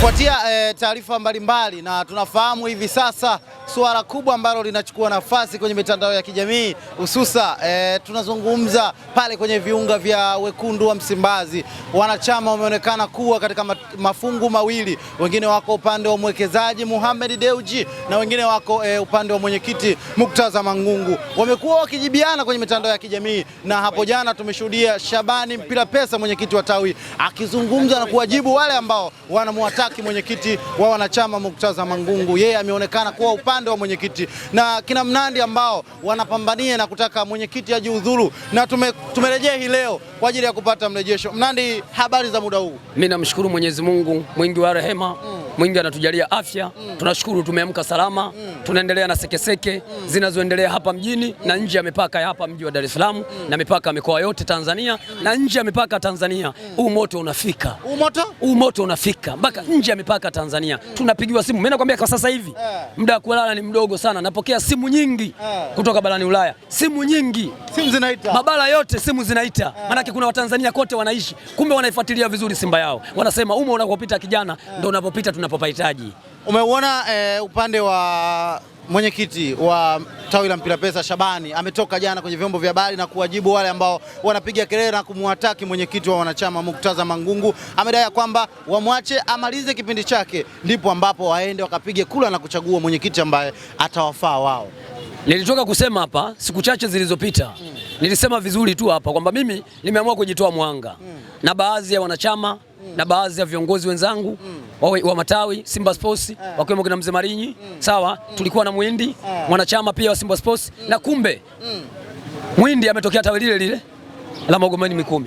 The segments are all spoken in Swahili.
kufuatia e, eh, taarifa mbalimbali na tunafahamu hivi sasa suala kubwa ambalo linachukua nafasi kwenye mitandao ya kijamii hususa, e, tunazungumza pale kwenye viunga vya wekundu wa Msimbazi. Wanachama wameonekana kuwa katika mafungu mawili, wengine wako upande wa mwekezaji Muhammad Deuji na wengine wako e, upande wa mwenyekiti Muktaza Mangungu. Wamekuwa wakijibiana kwenye mitandao ya kijamii, na hapo jana tumeshuhudia Shabani Mpira Pesa, mwenyekiti wa tawi, akizungumza na kuwajibu wale ambao wanamwataki mwenyekiti wa wanachama Muktaza Mangungu. Yeye ameonekana kuwa upande upande wa mwenyekiti na kina Mnandi ambao wanapambania na kutaka mwenyekiti ajiuzulu, na tume, tumerejea hii leo kwa ajili ya kupata mrejesho. Mnandi, habari za muda huu? Mimi namshukuru Mwenyezi Mungu mwingi wa rehema mm. Mwingi anatujalia afya mm. Tunashukuru tumeamka salama mm. Tunaendelea na sekeseke mm. zinazoendelea hapa mjini mm. na nje ya mipaka ya hapa mji wa Dar es Salaam mm. na mipaka ya mikoa yote Tanzania mm. na nje ya mipaka ya Tanzania huu mm. moto unafika, huu moto huu moto unafika mpaka mm. nje ya mipaka Tanzania mm. tunapigiwa simu. Mimi nakwambia kwa sasa hivi yeah. muda wa kulala ni mdogo sana, napokea simu nyingi yeah. kutoka barani Ulaya, simu nyingi, simu zinaita mabara yote, simu zinaita yeah. maanake kuna Watanzania kote wanaishi, kumbe wanaifuatilia vizuri Simba yao, wanasema umo unapopita kijana yeah. ndio unapopita tuna tunapopahitaji. Umeuona eh, upande wa mwenyekiti wa tawi la mpira pesa Shabani ametoka jana kwenye vyombo vya habari na kuwajibu wale ambao wanapiga kelele na kumwataki mwenyekiti wa wanachama Muktaza Mangungu. Amedai ya kwamba wamwache amalize kipindi chake, ndipo ambapo waende wakapige kula na kuchagua mwenyekiti ambaye atawafaa wao. Nilitoka kusema hapa siku chache zilizopita mm nilisema vizuri tu hapa kwamba mimi nimeamua kujitoa mwanga mm. na baadhi ya wanachama mm. na baadhi ya viongozi wenzangu mm. wa, wa matawi Simba Sports yeah. wakiwemo kina Mzee Marinyi mm. sawa mm. tulikuwa na Mwindi yeah. mwanachama pia wa Simba Sports mm. na kumbe mm. Mwindi ametokea tawi lile lile la Magomeni Mikumi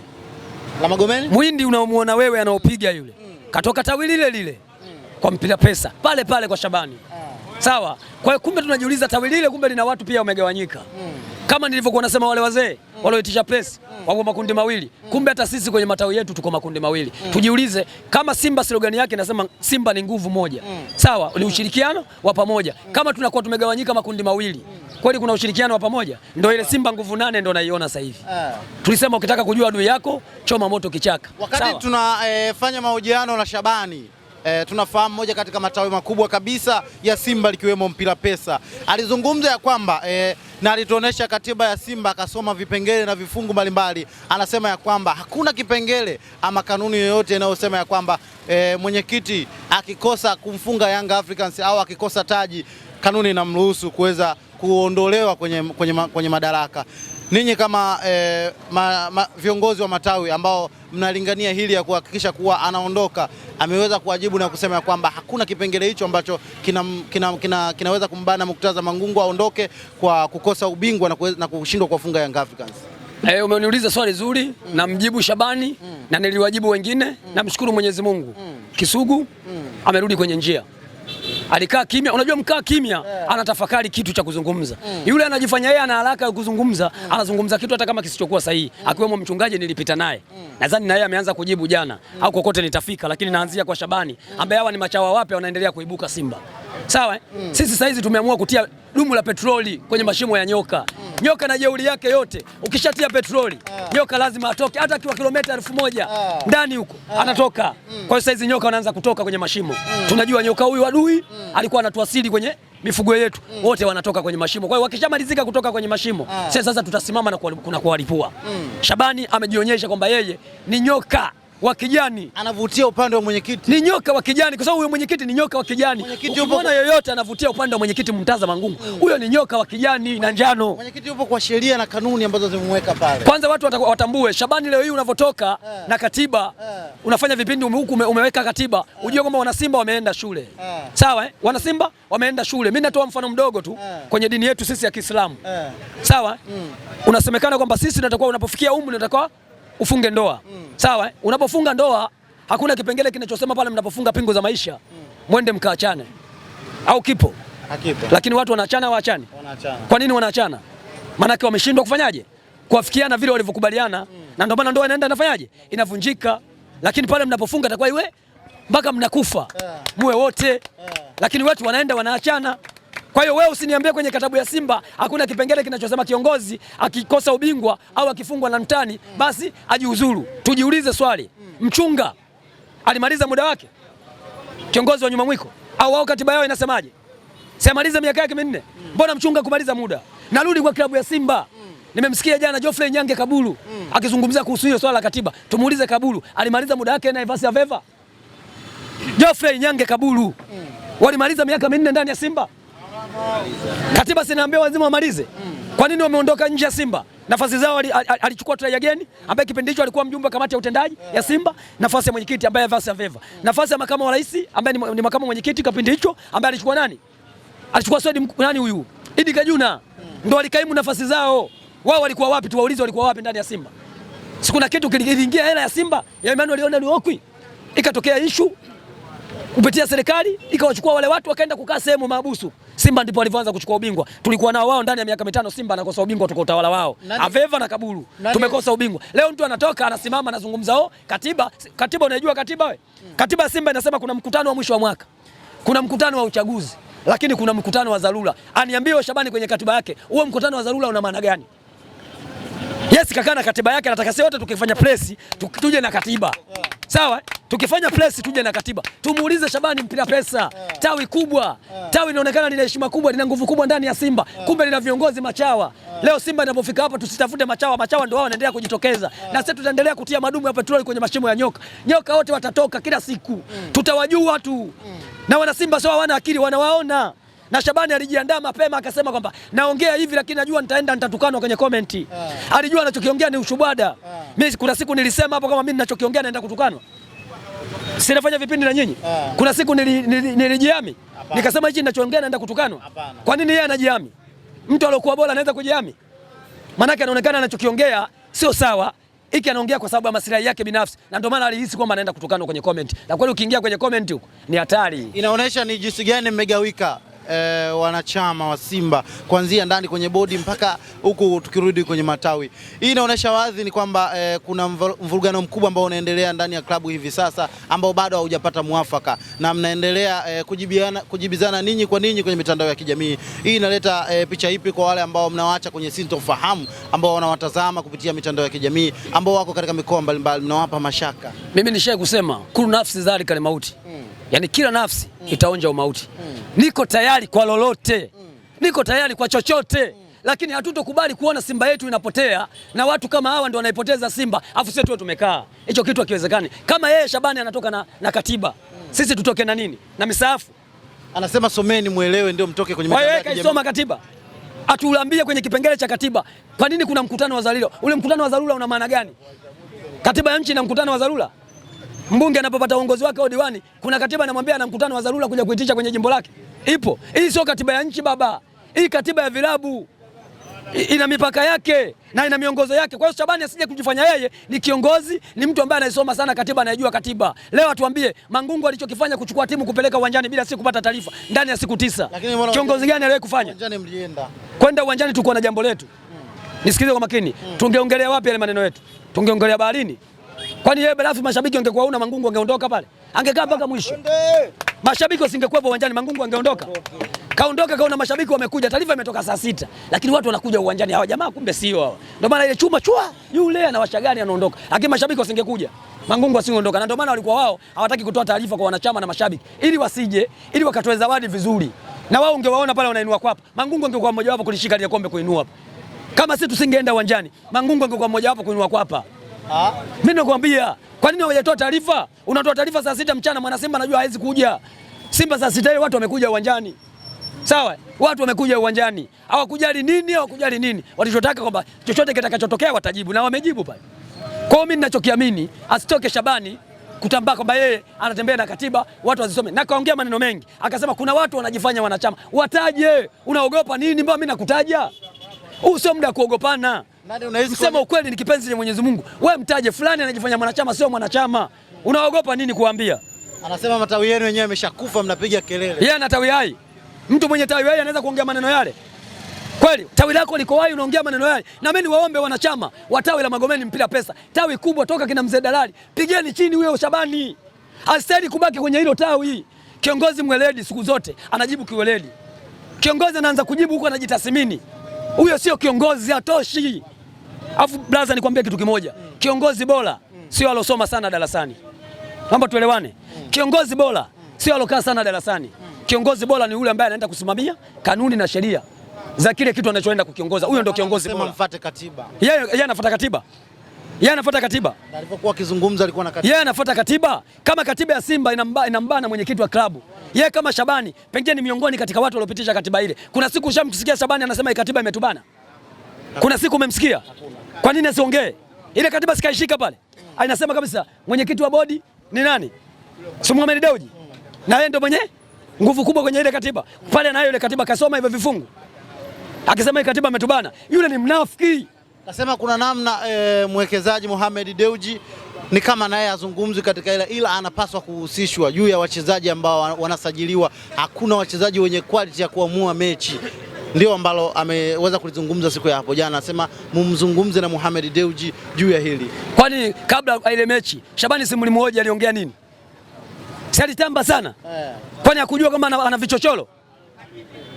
la Magomeni. Mwindi unaomuona wewe anaopiga yule mm. katoka tawi lile lile mm. kwa mpira pesa pale pale kwa Shabani yeah. sawa. Kwa hiyo kumbe tunajiuliza tawi lile kumbe lina watu pia wamegawanyika mm kama nilivyokuwa nasema wale wazee mm. walioitisha press mm. wako makundi mawili mm. kumbe hata sisi kwenye matawi yetu tuko makundi mawili mm. tujiulize, kama Simba slogan yake nasema Simba ni nguvu moja mm. sawa, ni ushirikiano wa pamoja mm. kama tunakuwa tumegawanyika makundi mawili mm. kweli kuna ushirikiano wa pamoja? Ndio ile Simba nguvu nane ndio naiona sasa hivi yeah. Tulisema ukitaka kujua adui yako choma moto kichaka. Wakati tunafanya e, mahojiano na Shabani E, tunafahamu moja katika matawi makubwa kabisa ya Simba likiwemo mpira pesa alizungumza ya kwamba e, na alituonesha katiba ya Simba akasoma vipengele na vifungu mbalimbali. Anasema ya kwamba hakuna kipengele ama kanuni yoyote inayosema ya kwamba e, mwenyekiti akikosa kumfunga Young Africans au akikosa taji, kanuni inamruhusu kuweza kuondolewa kwenye, kwenye, kwenye madaraka ninyi kama eh, ma, ma, viongozi wa matawi ambao mnalingania hili ya kuhakikisha kuwa anaondoka, ameweza kuwajibu na kusema kwamba hakuna kipengele hicho ambacho kinaweza kina, kina, kinaweza kumbana Murtaza Mangungu aondoke kwa kukosa ubingwa na, na kushindwa kuwafunga Young Africans. Hey, eh, umeniuliza swali zuri mm. na mjibu Shabani mm. na niliwajibu wengine mm. namshukuru Mwenyezi Mungu mm. Kisugu mm. amerudi kwenye njia alikaa kimya. Unajua mkaa kimya yeah. Anatafakari kitu cha kuzungumza mm. Yule anajifanya yeye ana haraka ya kuzungumza mm. Anazungumza kitu hata kama kisichokuwa sahihi mm. Akiwemo mchungaji nilipita naye mm. Nadhani na yeye ameanza kujibu jana mm. Au kokote nitafika, lakini naanzia kwa Shabani mm. Ambaye hawa ni machawa wapya wanaendelea kuibuka Simba, sawa eh? mm. Sisi saizi tumeamua kutia dumu la petroli kwenye mashimo ya nyoka. Nyoka na jeuri yake yote, ukishatia petroli eh. nyoka lazima atoke, hata akiwa kilomita elfu moja eh. ndani huko eh. anatoka. Mm. Kwa hiyo saizi nyoka wanaanza kutoka kwenye mashimo. Mm. Tunajua nyoka huyu adui mm. alikuwa anatuasili kwenye mifugo yetu mm. Wote wanatoka kwenye mashimo. Kwa hiyo wakishamalizika kutoka kwenye mashimo ah. Sasa sasa tutasimama na kuwalipua mm. Shabani amejionyesha kwamba yeye ni nyoka wa kijani anavutia upande wa mwenyekiti, ni nyoka wa kijani, kwa sababu huyo mwenyekiti ni nyoka wa kijani. Ukiona yoyote anavutia upande wa mwenyekiti Murtaza Mangungu, mm. huyo ni nyoka wa kijani na njano. Mwenyekiti yupo kwa sheria na kanuni ambazo zimemweka pale. Kwanza watu watambue, Shabani, leo hii unavyotoka yeah. na katiba yeah. unafanya vipindi huku ume, umeweka katiba yeah. ujue kwamba wanasimba wameenda shule yeah. sawa eh? wanasimba wameenda shule. Mimi natoa mfano mdogo tu yeah. kwenye dini yetu sisi ya Kiislamu yeah. sawa eh? mm. unasemekana kwamba sisi tunatakuwa, unapofikia umri unatakuwa ufunge ndoa mm. Sawa eh? Unapofunga ndoa hakuna kipengele kinachosema pale mnapofunga pingu za maisha mm. mwende mkaachane au kipo? Hakipo. Lakini watu wanaachana waachane. Wanaachana. Kwa nini wanaachana? Maanake wameshindwa kufanyaje? Kuafikiana vile walivyokubaliana mm. na ndio maana ndoa inaenda inafanyaje? Inavunjika. Lakini pale mnapofunga itakuwa iwe mpaka mnakufa yeah. muwe wote yeah. Lakini watu wanaenda wanaachana. Kwa hiyo wewe usiniambie kwenye katabu ya Simba hakuna kipengele kinachosema kiongozi akikosa ubingwa au akifungwa na mtani basi ajiuzuru. Tujiulize swali, mchunga alimaliza muda wake kiongozi wa nyuma mwiko, au wao katiba yao inasemaje? Siamaliza miaka yake minne, mbona mchunga kumaliza muda? Narudi kwa klabu ya Simba. Nimemsikia jana Geoffrey Nyange Kaburu akizungumzia kuhusu hiyo swala la katiba. Tumuulize Kabulu, alimaliza muda wake na Naivasi Aveva? Geoffrey Nyange Kaburu walimaliza miaka minne ndani ya Simba. Katiba sinaambia wazima wamalize. Hmm. Kwa nini wameondoka nje ya Simba? Nafasi zao alichukua Tray Again ambaye kipindi hicho alikuwa mjumbe kamati ya utendaji ya Simba, nafasi ya mwenyekiti ambaye Vasa Veva, hmm. nafasi ya makamu wa rais ambaye ni makamu mwenyekiti kipindi hicho ambaye alichukua nani? Alichukua Swedi nani huyu? Idi Kajuna. Hmm. Ndio alikaimu nafasi zao. Wao walikuwa wapi? Tuwaulize walikuwa wapi ndani ya Simba. Siku na kitu kiliingia hela ya Simba ya Emmanuel Leonard Okwi. Ikatokea issue kupitia serikali ikawachukua wale watu wakaenda kukaa sehemu maabusu. Simba ndipo walivyoanza kuchukua ubingwa. Tulikuwa nao wao ndani ya miaka mitano, Simba anakosa ubingwa toka utawala wao. Aveva na Kaburu Nani? Tumekosa ubingwa. Leo mtu anatoka anasimama anazungumza, oh, katiba katiba, unaijua katiba we? Hmm. Katiba ya Simba inasema kuna mkutano wa mwisho wa mwaka, kuna mkutano wa uchaguzi, lakini kuna mkutano wa dharura. Aniambiwe Shabani kwenye katiba yake, huo mkutano wa dharura una maana gani? Yes, kakaa na katiba yake, anataka sisi wote tukifanya press tuje na katiba. Sawa? Tukifanya press tuje na katiba. Tumuulize Shabani mpira pesa. Tawi kubwa. Tawi linaonekana lina heshima kubwa, lina nguvu kubwa ndani ya Simba. Kumbe lina viongozi machawa. Leo Simba inapofika hapa tusitafute machawa, machawa ndio wao wanaendelea kujitokeza. Na sisi tutaendelea kutia madumu ya petroli kwenye mashimo ya nyoka. Nyoka wote watatoka kila siku. Tutawajua tu. Na wana Simba sio hawana akili, wanawaona na Shabani alijiandaa mapema akasema kwamba naongea hivi, lakini najua nitaenda nitatukanwa kwenye komenti. Ah. Alijua anachokiongea ni ushubada. ushubwada. Ah. Mimi kuna siku nilisema hapo kama mimi ninachokiongea naenda kutukanwa sinafanya vipindi na nyinyi. Ah. Kuna siku nilijiami nikasema hichi ninachoongea naenda kutukanwa. Kwa nini yeye anajiami? Mtu aliyokuwa bora anaweza kujiami? Maanake anaonekana anachokiongea sio sawa. Hiki anaongea kwa sababu ya maslahi yake binafsi, na ndio maana alihisi kwamba anaenda kutukanwa kwenye comment. Na kweli ukiingia kwenye comment huko ni hatari, inaonyesha ni jinsi gani mmegawika eh, wanachama wa Simba kuanzia ndani kwenye bodi mpaka huku tukirudi kwenye matawi. Hii inaonyesha wazi ni kwamba eh, kuna mvurugano mkubwa ambao unaendelea ndani ya klabu hivi sasa ambao bado haujapata mwafaka na mnaendelea eh, kujibiana, kujibizana ninyi kwa ninyi kwenye mitandao ya kijamii. Hii inaleta eh, picha ipi kwa wale ambao mnawaacha kwenye sintofahamu ambao wanawatazama kupitia mitandao ya kijamii ambao wako katika mikoa mbalimbali mnawapa mashaka? Mimi nishaye kusema kulu nafsi zalika ni mauti. Hmm yani kila nafsi mm. itaonja umauti mm. Niko tayari kwa lolote mm. Niko tayari kwa chochote mm. Lakini hatutokubali kuona Simba yetu inapotea na watu kama hawa ndio wanaipoteza Simba, afu sisi tuwe tumekaa. Hicho kitu hakiwezekani. Kama yeye Shabani anatoka na, na katiba mm. sisi tutoke na nini na misaafu? Anasema someni mwelewe, ndio mtoke kwenye mitandao yake Soma katiba atuulambie kwenye kipengele cha katiba, kwa nini kuna mkutano wa dharura? Ule mkutano wa dharura una maana gani? Katiba ya nchi na mkutano wa dharura? mbunge anapopata uongozi wake au diwani, kuna katiba anamwambia ana mkutano wa dharura kuja kuitisha kwenye jimbo lake. Ipo hii, sio katiba ya nchi baba, hii katiba ya vilabu ina mipaka yake na ina miongozo yake. Kwa hiyo Shabani asije kujifanya yeye ni kiongozi, ni mtu ambaye anayesoma sana katiba, anayejua katiba. Leo atuambie Mangungu alichokifanya kuchukua timu kupeleka uwanjani bila si kupata taarifa ndani ya siku tisa, Lakini kiongozi gani aliwahi kufanya? Kwenda uwanjani, tulikuwa na jambo letu. Hmm. Nisikilize kwa makini, hmm. tungeongelea wapi yale maneno yetu? Tungeongelea baharini? Kwani yeye barafu mashabiki wangekuwa una Mangungu angeondoka pale? Angekaa mpaka mwisho. Mashabiki wasingekuwepo uwanjani Mangungu angeondoka. Kaondoka kaona mashabiki wamekuja, taarifa imetoka saa sita, lakini watu wanakuja uwanjani hawa jamaa kumbe sio hawa. Ndio maana ile chuma chua yule ana washa gani anaondoka. Lakini mashabiki wasingekuja. Mangungu asingeondoka. Na ndio maana walikuwa wao hawataki kutoa taarifa kwa wanachama na mashabiki ili wasije, ili wakatoe zawadi vizuri. Na wao ungewaona pale wanainua kwapa. Mangungu angekuwa mmoja wapo kulishika ile kombe kuinua hapa. Kama sisi tusingeenda uwanjani, Mangungu angekuwa mmoja wapo kuinua kwapa. Mimi nakwambia, kwa nini hujatoa taarifa? Unatoa taarifa saa sita mchana, mwana Simba anajua hawezi kuja. Simba saa sita ile watu wamekuja uwanjani. Sawa? Watu wamekuja uwanjani. Hawakujali nini, hawakujali nini. Walichotaka kwamba chochote kitakachotokea watajibu na wamejibu pale. Kwa hiyo mimi ninachokiamini, asitoke Shabani kutambaa kwamba yeye anatembea na katiba, watu wazisome. Na kaongea maneno mengi. Akasema kuna watu wanajifanya wanachama. Wataje? Unaogopa nini mbona mimi nakutaja? Huu sio muda wa kuogopana sema ukweli, ni kipenzi cha Mwenyezi Mungu. Wewe mtaje fulani anajifanya mwanachama, sio mwanachama. Unaogopa nini kuambia? Anasema matawi yenu wenyewe yameshakufa, mnapiga kelele. Yeye ana tawi hai. Mtu mwenye tawi hai anaweza kuongea maneno yale kweli? Tawi lako liko hai, unaongea maneno yale. Na mimi niwaombe wanachama wa tawi la Magomeni mpira pesa, tawi kubwa toka kina mzee Dalali, pigeni chini huyo Shabani, astahili kubaki kwenye hilo tawi. Kiongozi mweledi siku zote anajibu kiweledi. Kiongozi anaanza kujibu huko, anajitathmini. Huyo sio kiongozi, hatoshi. Alafu blaza, nikwambia kitu kimoja, kiongozi bora sio alosoma sana darasani, naomba tuelewane. Kiongozi bora sio alokaa sana darasani. Kiongozi bora ni yule ambaye anaenda kusimamia kanuni na sheria za kile kitu anachoenda kukiongoza. Huyo ndio kiongozi bora. Mfuate katiba. Yeye yeye anafuata katiba. Yeye anafuata katiba. Alipokuwa akizungumza alikuwa na katiba. Yeye anafuata katiba. Kama katiba ya Simba inambana, inamba inambana mwenyekiti wa klabu. Yeye kama Shabani pengine ni miongoni katika watu waliopitisha katiba ile. Kuna siku ushamsikia Shabani anasema katiba imetubana? Kuna siku umemsikia? Hakuna. Kwa nini asiongee? Ile katiba sikaishika pale. anasema kabisa mwenyekiti wa bodi ni nani? Si Mohamed Dewji. Na yeye ndo mwenye nguvu kubwa kwenye ile katiba. Pale anayo ile katiba kasoma hivyo vifungu. Akisema ile katiba ametubana. Yule ni mnafiki. Kasema kuna namna e, mwekezaji Mohamed Dewji ni kama naye azungumzi katika ila ila anapaswa kuhusishwa juu ya wachezaji ambao wanasajiliwa. Hakuna wachezaji wenye quality ya kuamua mechi ndio ambalo ameweza kulizungumza siku ya hapo jana, anasema mumzungumze na Mohamed Dewji juu ya hili, kwani kabla ya ile mechi Shabani simulimwoja aliongea nini? Si alitamba sana yeah. Kwani hakujua kama ana, vichochoro?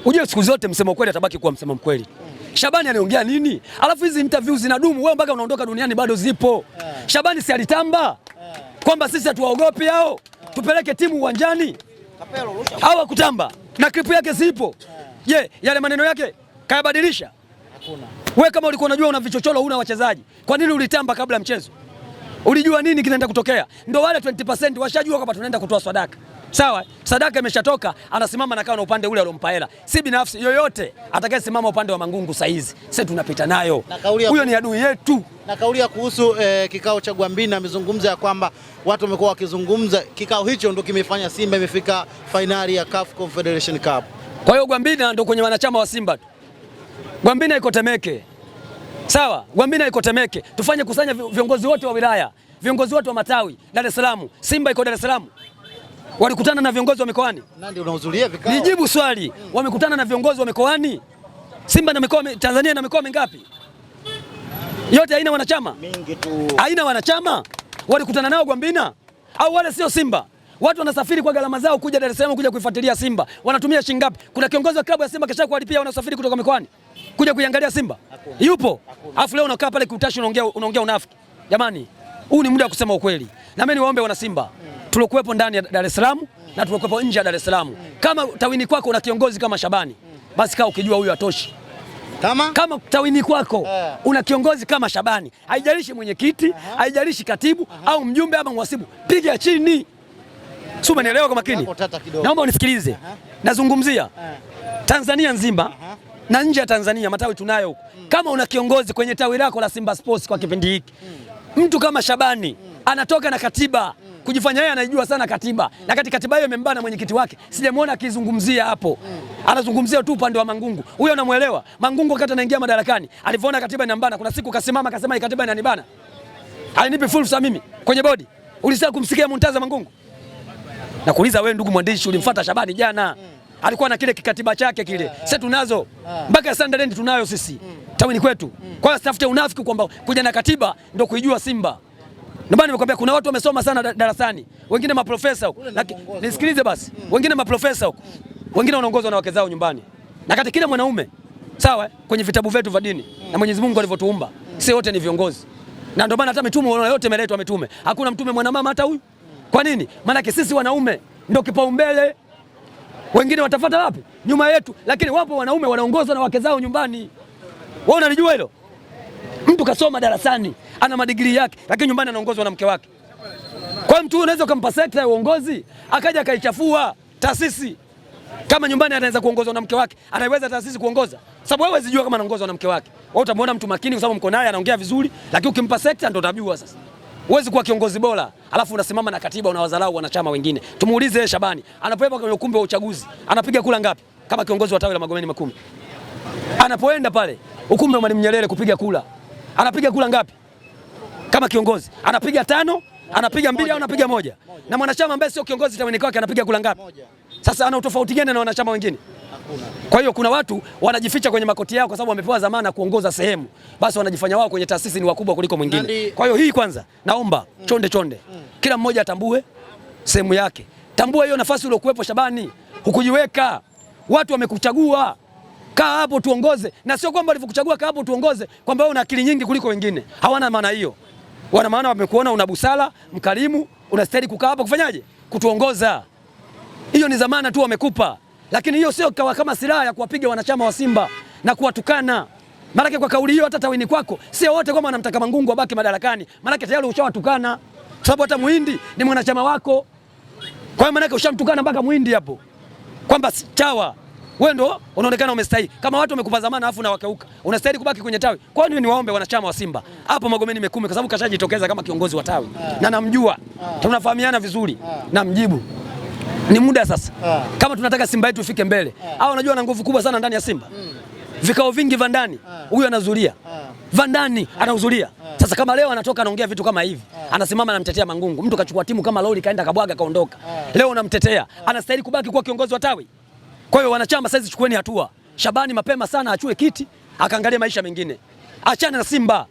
Ujue siku zote msema kweli atabaki kuwa msema mkweli. Shabani aliongea nini? Alafu hizi interview zinadumu, wewe mpaka unaondoka duniani bado zipo yeah. Shabani si alitamba yeah. kwamba sisi hatuwaogopi hao yeah. tupeleke timu uwanjani, au akutamba na klipu yake zipo yeah. Je, yale maneno yake kayabadilisha? Hakuna. Wewe kama ulikuwa unajua una vichochoro una wachezaji, kwa nini ulitamba kabla mchezo? Ulijua nini kinaenda kutokea? Ndio wale 20% washajua kwamba tunaenda kutoa sadaka. Sawa, sadaka imeshatoka, anasimama nakaa na upande ule alompa hela. Si binafsi yoyote atakayesimama upande wa Mangungu saa hizi, sisi tunapita nayo. Huyo ni adui yetu. Na kauli ya kuhusu eh, kikao cha Gwambina amezungumza ya kwamba watu wamekuwa wakizungumza, kikao hicho ndio kimefanya Simba imefika fainali ya CAF Confederation Cup. Kwa hiyo Gwambina ndo kwenye wanachama wa Simba tu. Gwambina iko Temeke, sawa? Gwambina iko Temeke, tufanye kusanya viongozi wote wa wilaya, viongozi wote wa matawi Dar es Salaam. Simba iko Dar es Salaam, walikutana na viongozi wa mikoani. Nijibu swali, wamekutana na viongozi wa mikoani? Simba na mikoa Tanzania na mikoa mingapi? Yote haina wanachama, mingi tu. Haina wanachama, walikutana nao Gwambina? Au wale sio Simba? Watu wanasafiri kwa gharama zao kuja Dar es Salaam kuja kuifuatilia Simba. Wanatumia shilingi ngapi? Kuna kiongozi wa klabu ya Simba kesha kuwalipia wanasafiri kutoka mikoani kuja kuiangalia Simba. Hakuna. Yupo. Alafu leo unakaa pale kiutashi unaongea unaongea unafiki. Jamani, huu ni muda wa kusema ukweli. Na mimi niwaombe wana Simba tuliokuwepo ndani ya Dar es Salaam na tuliokuwepo nje ya Dar es Salaam. Kama tawini kwako una kiongozi kama Shabani, basi kaa ukijua huyu atoshi. Kama, kama tawini kwako yeah, una kiongozi kama Shabani, haijalishi mwenyekiti, haijalishi katibu uh -huh, au mjumbe ama mwasibu, piga chini si umenielewa kwa makini? Naomba unisikilize, nazungumzia eh. Tanzania nzima na nje ya Tanzania, matawi tunayo huko. Mm. Kama una kiongozi kwenye tawi lako la Simba Sports kwa kipindi hiki, mm. mtu kama Shabani mm. anatoka na katiba kujifanya yeye anaijua sana katiba mm. na kati katiba hiyo imembana mwenyekiti wake, sijamwona akizungumzia hapo mm. anazungumzia tu upande wa Mangungu. Huyo anamwelewa Mangungu, wakati anaingia madarakani alivyoona katiba inambana, kuna siku kasimama kasema hii katiba inanibana, alinipi fursa mimi kwenye bodi. Ulisema kumsikia Muntaza Mangungu? Nakuuliza wewe ndugu mwandishi, ulimfuata Shabani jana mm. alikuwa na kile kikatiba chake kile yeah, yeah. Eh. Sasa tunazo yeah. mpaka Sunderland tunayo sisi mm. tawini kwetu mm. kwa hiyo sitafute unafiki kwamba kuja na katiba ndio kuijua Simba. Ndio nimekwambia kuna watu wamesoma sana darasani, wengine maprofesa huko, lakini nisikilize basi mm. wengine maprofesa huko mm. wengine wanaongozwa na wake zao nyumbani, na kati kila mwanaume sawa kwenye vitabu vyetu vya dini mm. na Mwenyezi Mungu alivyotuumba mm. si wote ni viongozi, na ndio maana hata mitume yote imeletwa mitume, hakuna mtume mwanamama hata huyu kwa nini? Maanake sisi wanaume ndio kipaumbele, wengine watafata wapi? Nyuma yetu. Lakini wapo wanaume wanaongozwa na wake zao nyumbani. Wewe unalijua hilo? Mtu kasoma darasani ana madigrii yake, lakini nyumbani anaongozwa na mke wake. Kwa mtu huyo unaweza ukampa sekta ya uongozi akaja akaichafua taasisi. Kama nyumbani anaweza kuongozwa na mke wake, anaweza taasisi kuongoza? Sababu wewe huwezi jua kama anaongozwa na mke wake. Wewe utamwona mtu makini, kwa sababu mko naye anaongea vizuri, lakini ukimpa sekta ndio utajua sasa. Huwezi kuwa kiongozi bora alafu unasimama na katiba unawadharau wanachama wengine. Tumuulize Shabani anapoenda kwenye ukumbi wa uchaguzi anapiga kula ngapi kama kiongozi wa tawi la Magomeni Makumi? Anapoenda pale ukumbi wa Mwalimu Nyerere kupiga kula anapiga kula ngapi kama kiongozi? Anapiga tano, anapiga mbili au anapiga moja? Na mwanachama ambaye sio kiongozi taweneka wake anapiga kula ngapi? Sasa ana utofauti gani na wanachama wengine? Kwa hiyo kuna watu wanajificha kwenye makoti yao kwa sababu wamepewa zamana kuongoza sehemu, basi wanajifanya wao kwenye taasisi ni wakubwa kuliko mwingine. Kwa hiyo hii kwanza, naomba chonde chonde, mm. Mm. kila mmoja atambue sehemu yake. Tambua hiyo nafasi uliokuwepo, Shabani, hukujiweka. Watu wamekuchagua, kaa hapo tuongoze, na sio kwamba walivyokuchagua kaa hapo tuongoze kwamba wewe una akili nyingi kuliko wengine. Hawana maana hiyo, wana maana wamekuona una busara, mkarimu, unastahili kukaa hapo kufanyaje, kutuongoza. Hiyo ni zamana tu wamekupa lakini hiyo sio kawa kama silaha ya kuwapiga wanachama wa Simba na kuwatukana. Maanake kwa kauli hiyo hata tawini kwako sio wote kwamba wanamtaka Mangungu wabaki madarakani, maanake tayari ushawatukana, sababu hata Muhindi ni mwanachama wako. Kwa hiyo maanake ushamtukana mpaka Muhindi hapo kwamba chawa wewe ndo unaonekana umestahili. Kama watu wamekupa zamana afu unawakeuka, unastahili kubaki kwenye tawi. Kwa nini niwaombe wanachama wa Simba hapo Magomeni Mekume, kwa sababu kashajitokeza kama kiongozi wa tawi ah. na namjua, ah. tunafahamiana vizuri, ah. namjibu ni muda sasa ha. Ah. Kama tunataka Simba yetu ifike mbele Au ah. unajua ana nguvu kubwa sana ndani ya Simba hmm. Vikao vingi vandani ah. huyu Anazulia yeah. Vandani anahudhuria Sasa kama leo anatoka anaongea vitu kama hivi yeah. Anasimama anamtetea Mangungu, mtu kachukua timu kama lori kaenda kabwaga kaondoka Leo unamtetea Anastahili kubaki kuwa kiongozi wa tawi. Kwa hiyo wanachama, saizi chukueni hatua. Shabani mapema sana achue kiti akaangalia maisha mengine, achana na Simba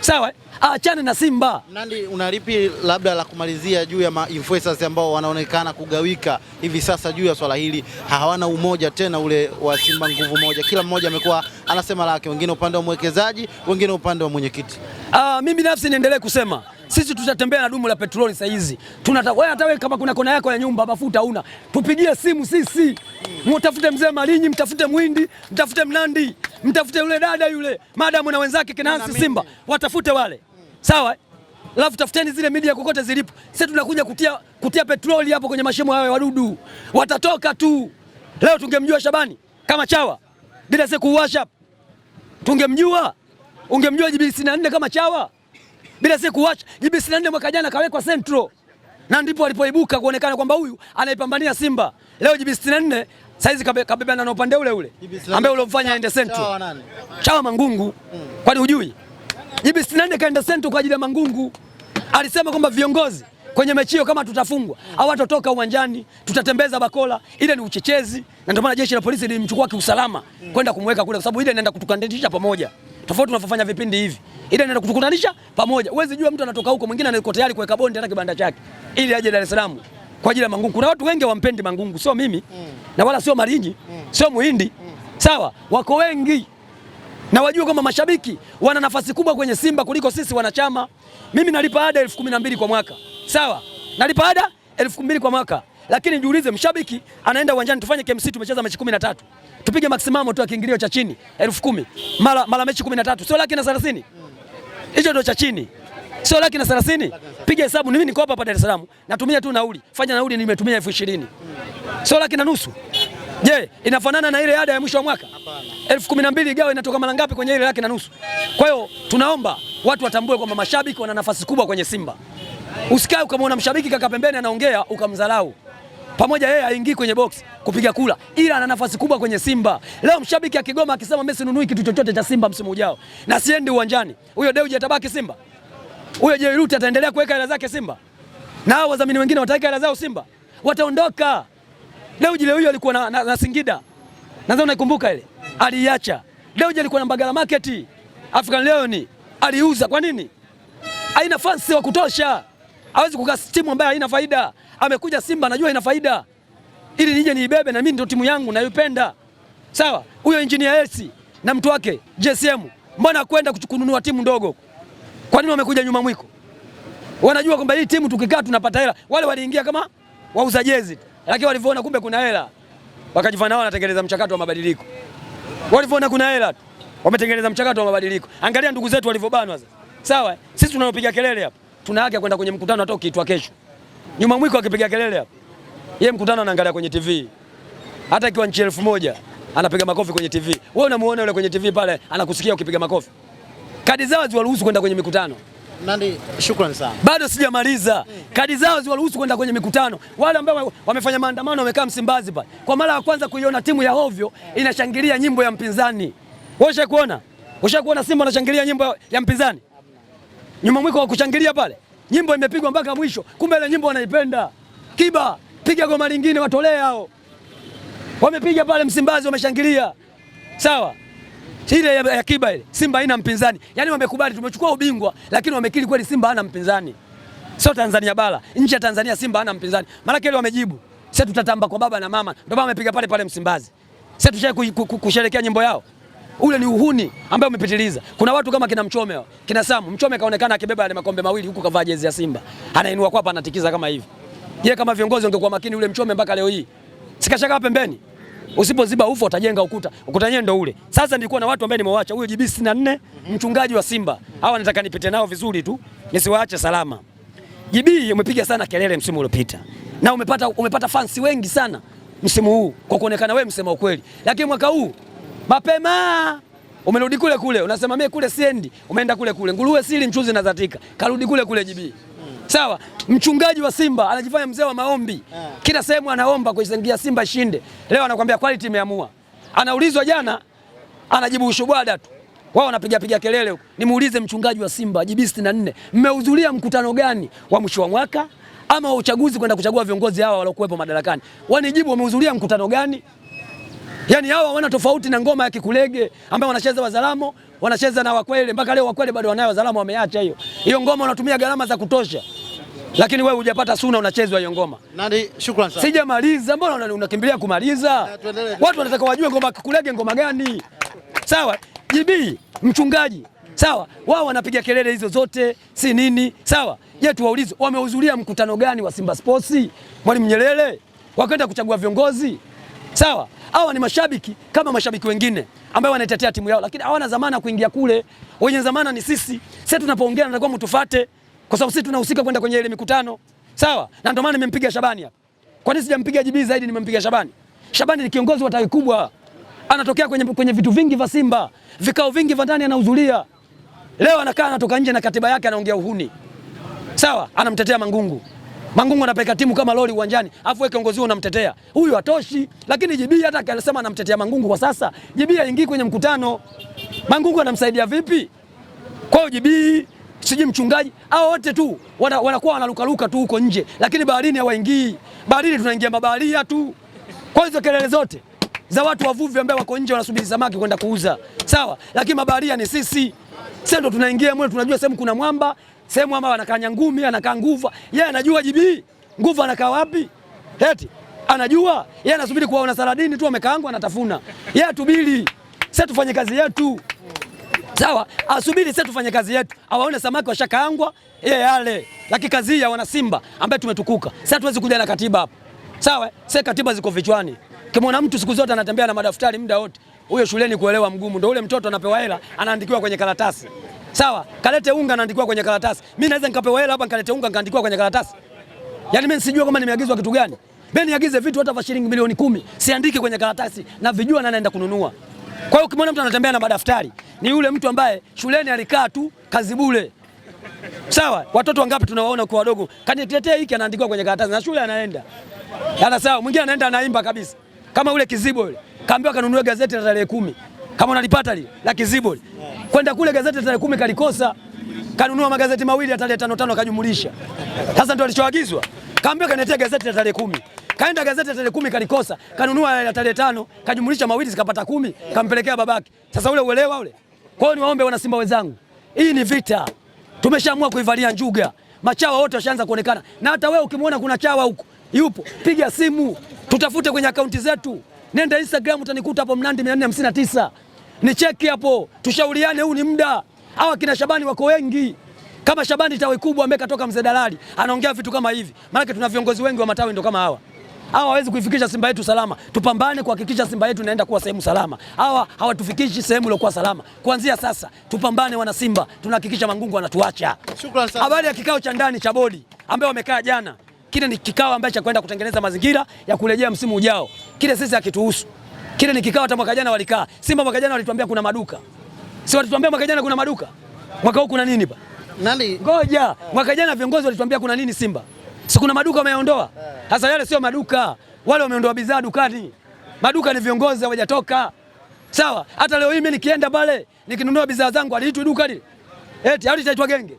sawa. Eh? aachane na Simba. Nandi, unalipi labda la kumalizia juu ya ma influencers ambao wanaonekana kugawika hivi sasa juu ya swala hili, hawana umoja tena ule wa Simba nguvu moja, kila mmoja amekuwa anasema lake, wengine upande wa mwekezaji, wengine upande wa mwenyekiti. Ah, mimi binafsi niendelee kusema sisi tutatembea na dumu la petroli saa hizi, tunata wewe, hata wewe kama kuna kona yako ya nyumba mafuta una, tupigie simu sisi, mtafute mzee Malinyi, mtafute Mwindi, mtafute Mnandi, mtafute yule dada yule, madamu na wenzake kinaansi Simba, watafute wale sawa, alafu tafuteni zile media kokote zilipo. Sisi tunakuja kutia, kutia petroli hapo kwenye mashimo hayo ya wadudu, watatoka tu. Leo tungemjua Shabani kama chawa bila siku kuwasha, tungemjua ungemjua JB64 kama chawa bila siku kuwasha. JB64 mwaka jana kawekwa Central na ndipo alipoibuka kuonekana kwamba huyu anaipambania Simba. Leo JB64 saizi kabebana na upande ule ule ambaye ulomfanya aende Central, Chawa, chawa Mangungu, hmm. kwani hujui? Jibi Sinane kaenda sentu kwa ajili ya Mangungu. Alisema kwamba viongozi kwenye mechi hiyo kama tutafungwa hawatotoka uwanjani, tutatembeza bakola. Ile ni uchechezi, na ndio maana jeshi la polisi lilimchukua kiusalama kwenda kumweka kule, kwa sababu ile inaenda kutukutanisha pamoja, tofauti tunavyofanya vipindi hivi. Ile inaenda kutukutanisha pamoja. Huwezi jua mtu anatoka huko, mwingine anaiko tayari kuweka bondi hata kibanda chake ili aje Dar es Salaam kwa ajili ya Mangungu. Kuna watu wengi wampendi Mangungu, sio mimi na wala sio Marinyi, mm. sio Muhindi, mm. sawa, wako wengi na wajue kwamba mashabiki wana nafasi kubwa kwenye Simba kuliko sisi wanachama. Mimi nalipa ada elfu kumi na mbili kwa mwaka sawa, nalipa ada elfu mbili kwa mwaka, lakini jiulize, mshabiki anaenda uwanjani, tufanye KMC, tumecheza mechi 13 tupige maximum tu ya kiingilio cha chini elfu kumi mara mara mechi 13 sio laki na 30 hicho ndio cha chini sio laki na 30. Piga hesabu, mimi niko hapa hapa Dar es Salaam, natumia tu nauli, fanya nauli nimetumia elfu ishirini sio laki na nusu Je, inafanana na ile ada ya mwisho wa mwaka? Hapana. elfu kumi na mbili igawa inatoka mara ngapi kwenye ile laki na nusu? Kwa hiyo tunaomba watu watambue kwamba mashabiki wana nafasi kubwa kwenye Simba. Usikae ukamwona mshabiki kaka pembeni anaongea ukamdharau pamoja yeye aingii kwenye box kupiga kula, ila ana nafasi kubwa kwenye Simba. Leo mshabiki akigoma akisema mimi sinunui kitu chochote cha Simba msimu ujao na siendi uwanjani, huyo Dewji atabaki Simba? Huyo Jeruti ataendelea kuweka hela zake Simba? Na hao wadhamini wengine wataweka hela zao Simba? Wataondoka. Dewji leo huyo alikuwa na, na, na Singida. Nadhani unaikumbuka ile. Aliacha. Dewji alikuwa na Mbagala Market. African Lion aliuza kwa nini? Haina fans wa kutosha. Hawezi kukaa timu ambayo haina faida. Amekuja Simba anajua ina faida. Ili nije niibebe na mimi ndio timu yangu naipenda. Sawa? Huyo engineer Hersi na mtu wake JSM mbona kwenda kununua timu ndogo? Kwa nini wamekuja nyuma mwiko? Wanajua kwamba hii timu tukikaa tunapata hela. Wale waliingia kama wauza jezi tu. Lakini walivyoona kumbe kuna hela, wakajifanya wanatengeneza mchakato wa mabadiliko. Walivyoona kuna hela tu, wametengeneza mchakato wa mabadiliko. Angalia ndugu zetu walivyobanwa sasa. Sawa? Sisi tunaopiga kelele hapa, tuna haki ya kwenda kwenye mkutano hata ukiitwa kesho. Nyuma mwiko akipiga kelele hapa. Yeye mkutano anaangalia kwenye TV. Hata ikiwa nchi elfu moja anapiga makofi kwenye TV. Wewe unamuona yule kwenye TV pale anakusikia ukipiga makofi. Kadi zao ziwaruhusu kwenda kwenye mikutano. Nandi, shukrani sana. Bado sijamaliza. Kadi zao ziwaruhusu kwenda kwenye mikutano. Wale ambao wamefanya maandamano wamekaa Msimbazi pale, kwa mara ya kwanza kuiona timu ya ovyo eh. inashangilia nyimbo ya mpinzani. Wewe kuona? kuona Simba anashangilia nyimbo ya mpinzani? Nyuma mwiko wa kushangilia pale, nyimbo imepigwa mpaka mwisho, kumbe ile nyimbo wanaipenda. Kiba, piga goma lingine, watolee hao. Wamepiga pale Msimbazi, wameshangilia. Sawa ile ya Kiba ile Simba haina mpinzani. Yaani wamekubali tumechukua ubingwa, lakini wamekiri kweli Simba hana mpinzani. Sio Tanzania bara, nje ya Tanzania Simba hana mpinzani. Maana kile wamejibu. Sasa tutatamba kwa baba na mama. Ndio baba amepiga pale pale Msimbazi. Sasa tushaye kusherehekea nyimbo yao. Ule ni uhuni ambao umepitiliza. Kuna watu kama kina Mchome, kina Samu. Mchome kaonekana akibeba yale makombe mawili huku kavaa jezi ya Simba. Anainua kwapa anatikiza kama hivi. Je, kama viongozi wangekuwa makini ule Mchome mpaka leo hii. Sikashaka pembeni. Usipoziba ufa utajenga ukuta, ukuta wenyewe ndio ule. Sasa nilikuwa na watu ambao nimewaacha, huyo JB 64 mchungaji wa Simba, hawa nataka nipite nao vizuri tu nisiwaache salama. JB umepiga sana kelele msimu uliopita na umepata, umepata fans wengi sana msimu huu kwa kuonekana wewe msema ukweli, lakini mwaka huu mapema umerudi kule kule, unasema mimi kule siendi, umeenda kule kule. Nguruwe sili mchuzi na zatika, karudi kule kule JB sawa. Mchungaji wa Simba anajifanya mzee wa maombi, eh. kila sehemu anaomba kuisengia Simba shinde. Leo anakuambia quality imeamua, anaulizwa jana, anajibu ushubwada tu wao wanapiga piga kelele huko. Nimuulize mchungaji wa Simba JB 64, mmehudhuria mkutano gani wa mwisho wa mwaka ama wa uchaguzi kwenda kuchagua viongozi hawa waliokuwepo madarakani? Wanijibu, wamehudhuria mkutano gani? Yaani hawa wana tofauti na ngoma ya Kikulege ambao wanacheza Wazalamo, wanacheza na Wakwele. Mpaka leo Wakwele bado wanayo Wazalamo, wameacha hiyo hiyo ngoma, wanatumia gharama za kutosha. Lakini wewe hujapata suna, unachezwa hiyo ngoma. Nani? Shukrani sana. Sijamaliza, mbona unakimbilia kumaliza? Watu wanataka wajue ngoma kulege ngoma gani? Sawa, JB mchungaji, sawa. Wao wanapiga kelele hizo zote, si nini? Sawa. Je, tuwaulize wamehudhuria mkutano gani wa Simba Sports? Mwalimu Nyerere wakaenda kuchagua viongozi, sawa. Hawa ni mashabiki kama mashabiki wengine ambao wanaitetea timu yao, lakini hawana zamana kuingia kule. Wenye zamana ni sisi. Sisi tunapoongea, natakiwa mtufate kwa sababu sisi tunahusika kwenda kwenye ile mikutano sawa, na ndio maana nimempiga Shabani hapa. Kwa nini sijampiga JB zaidi? Nimempiga Shabani. Shabani ni kiongozi wa tawi kubwa, anatokea kwenye, kwenye vitu vingi vya Simba, vikao vingi vya ndani anahudhuria. Leo anakaa anatoka nje na katiba yake anaongea uhuni, sawa, anamtetea Mangungu. Mangungu anapeka timu kama lori uwanjani, afu wewe kiongozi unamtetea huyu, hatoshi. Lakini JB hata akisema anamtetea Mangungu kwa sasa, JB haingii kwenye mkutano. Mangungu anamsaidia vipi? Kwa hiyo JB sijui mchungaji hao wote tu wanakuwa wana wanalukaluka tu huko nje, lakini baharini hawaingii. Baharini tunaingia mabaharia tu. Kwa hizo kelele zote za watu wavuvi ambao wako nje wanasubiri samaki kwenda kuuza, sawa, lakini mabaharia ni sisi. Sisi ndo tunaingia mwe, tunajua sehemu kuna mwamba, sehemu ama anakaa nyangumi, anakaa nguva, yeye anajua jibii nguva anakaa wapi, eti anajua yeye, anasubiri kuwaona saladini tu amekaangwa, anatafuna yeye, tubili sisi tufanye kazi yetu sawa, asubiri sasa tufanye kazi yetu, awaone samaki washakaangwa yeye yale, lakini kazi ya wana Simba ambaye tumetukuka sasa, tuwezi kuja na katiba hapa sawa. Sasa katiba ziko vichwani, kimwona mtu siku zote anatembea na madaftari muda wote, huyo shuleni kuelewa mgumu, ndio ule mtoto anapewa hela anaandikiwa kwenye karatasi sawa, kalete unga anaandikiwa kwenye karatasi. Mimi naweza nikapewa hela hapa nikalete unga nikaandikiwa kwenye karatasi? Yaani mimi sijui kama nimeagizwa kitu gani. Ben niagize vitu hata vya shilingi milioni kumi, siandike kwenye karatasi na vijua na naenda kununua. Kwa hiyo ukimwona mtu anatembea na madaftari, ni yule mtu ambaye shuleni alikaa tu kazi bure. Sawa, watoto wangapi tunawaona kwa wadogo, kanitetea hiki, anaandikiwa kwenye karatasi na shule anaenda. Ana sawa, mwingine anaenda anaimba kabisa. Kama ule kizibo yule, kaambiwa kanunue gazeti la tarehe kumi. Kama unalipata lile la kizibo kwenda kule gazeti la tarehe kumi kalikosa, kanunua magazeti mawili ya tarehe tano tano kajumulisha. Sasa ndio alichoagizwa, kaambiwa kanetea gazeti la tarehe kumi. Kaenda gazeti ya tarehe kumi kalikosa, kanunua ya tarehe tano, kajumlisha mawili zikapata kumi, kampelekea babake. Sasa ule uelewa ule. Kwa hiyo niwaombe wana Simba wenzangu, hii ni vita. Tumeshaamua kuivalia njuga. Machawa wote washaanza kuonekana, na hata wewe ukimwona kuna chawa huko yupo, piga simu, tutafute kwenye akaunti zetu. Nenda Instagram utanikuta hapo Mnandi 459 ni cheki hapo, tushauriane. Huu ni muda. Hawa kina Shabani wako wengi kama Shabani tawi kubwa ambaye katoka mzee dalali anaongea vitu kama hivi, maanake tuna viongozi wengi wa matawi ndo kama hawa hawa hawezi kuifikisha Simba yetu salama. Tupambane kuhakikisha Simba yetu inaenda kuwa sehemu salama. Hawa hawatufikishi sehemu iliyokuwa salama. Kuanzia sasa tupambane, wana Simba, tunahakikisha Mangungu anatuacha. Shukrani sana. Habari ya kikao cha ndani cha bodi ambao wamekaa jana, kile ni kikao ambacho cha kwenda kutengeneza mazingira ya kurejea msimu ujao. Kile sisi hakituhusu. Kile ni kikao cha mwaka jana walikaa. Simba mwaka jana walituambia kuna maduka. Si walituambia mwaka jana kuna maduka? Mwaka huu kuna nini ba? Nani? Ngoja. Mwaka jana viongozi walituambia kuna nini Simba? si kuna maduka wameondoa sasa. Yale sio maduka, wale wameondoa bidhaa dukani. Maduka ni viongozi, hawajatoka sawa. Hata leo hii mimi nikienda pale nikinunua bidhaa zangu, aliitwi duka lile eti alitaitwa genge.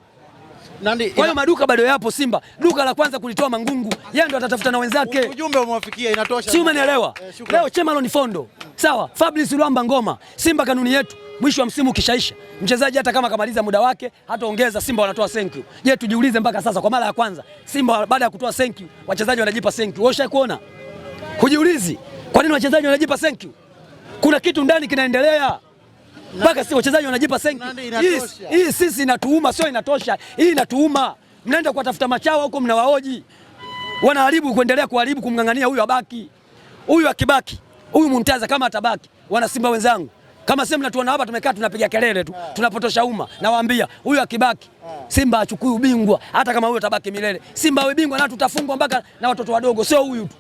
Nandi, kwa hiyo maduka bado yapo. Simba duka la kwanza kulitoa Mangungu, yeye ndo atatafuta na wenzake. Ujumbe umewafikia, inatosha. Si umenielewa? Eh, leo ni Fondo sawa, Fabrice Luamba ngoma, Simba kanuni yetu mwisho wa msimu ukishaisha, mchezaji hata kama kamaliza muda wake, hataongeza, Simba wanatoa thank you. Je, tujiulize mpaka sasa kwa mara ya kwanza Simba baada ya kutoa thank you, wachezaji wanajipa thank you. Wewe kuona? Hujiulizi, kwa nini wachezaji wanajipa thank you? Kuna kitu ndani kinaendelea. Mpaka si wachezaji wanajipa thank you. Hii sisi inatuuma, sio inatosha. Hii inatuuma. Mnaenda kuwatafuta machawa huko mnawaoji. Wanaharibu kuendelea kuharibu kumng'ang'ania huyu abaki. Huyu akibaki, huyu Muntaza kama atabaki, wana Simba wenzangu kama sisi mnatuona hapa tumekaa tunapiga kelele tu, ah. tunapotosha umma. Nawaambia huyu akibaki ah. Simba achukui ubingwa, hata kama huyu atabaki milele. Simba awe bingwa na tutafungwa mpaka na watoto wadogo, sio huyu tu.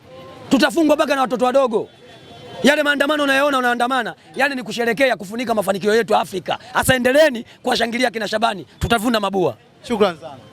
Tutafungwa mpaka na watoto wadogo. Yale maandamano unayoona unaandamana, yani ni kusherekea kufunika mafanikio yetu Afrika. Hasa endeleeni kuwashangilia kina Shabani, tutavuna mabua. Shukrani sana.